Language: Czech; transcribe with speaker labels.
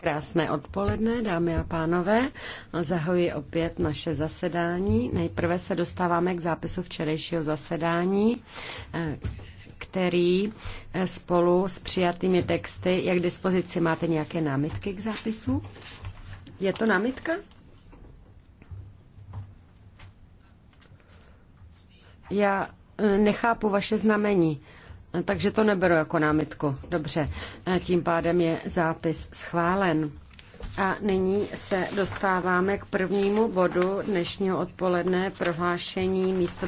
Speaker 1: Krásné
Speaker 2: odpoledne, dámy a pánové. Zahoji opět naše zasedání. Nejprve se dostáváme k zápisu včerejšího zasedání eh, který eh, spolu s přijatými texty, jak k dispozici máte nějaké námitky k zápisu? Je to námitka? Já eh, nechápu vaše znamení. Takže to neberu jako námitku. Dobře, e, tím pádem je zápis schválen. A nyní se dostáváme k prvnímu bodu dnešního odpoledne
Speaker 3: prohlášení místo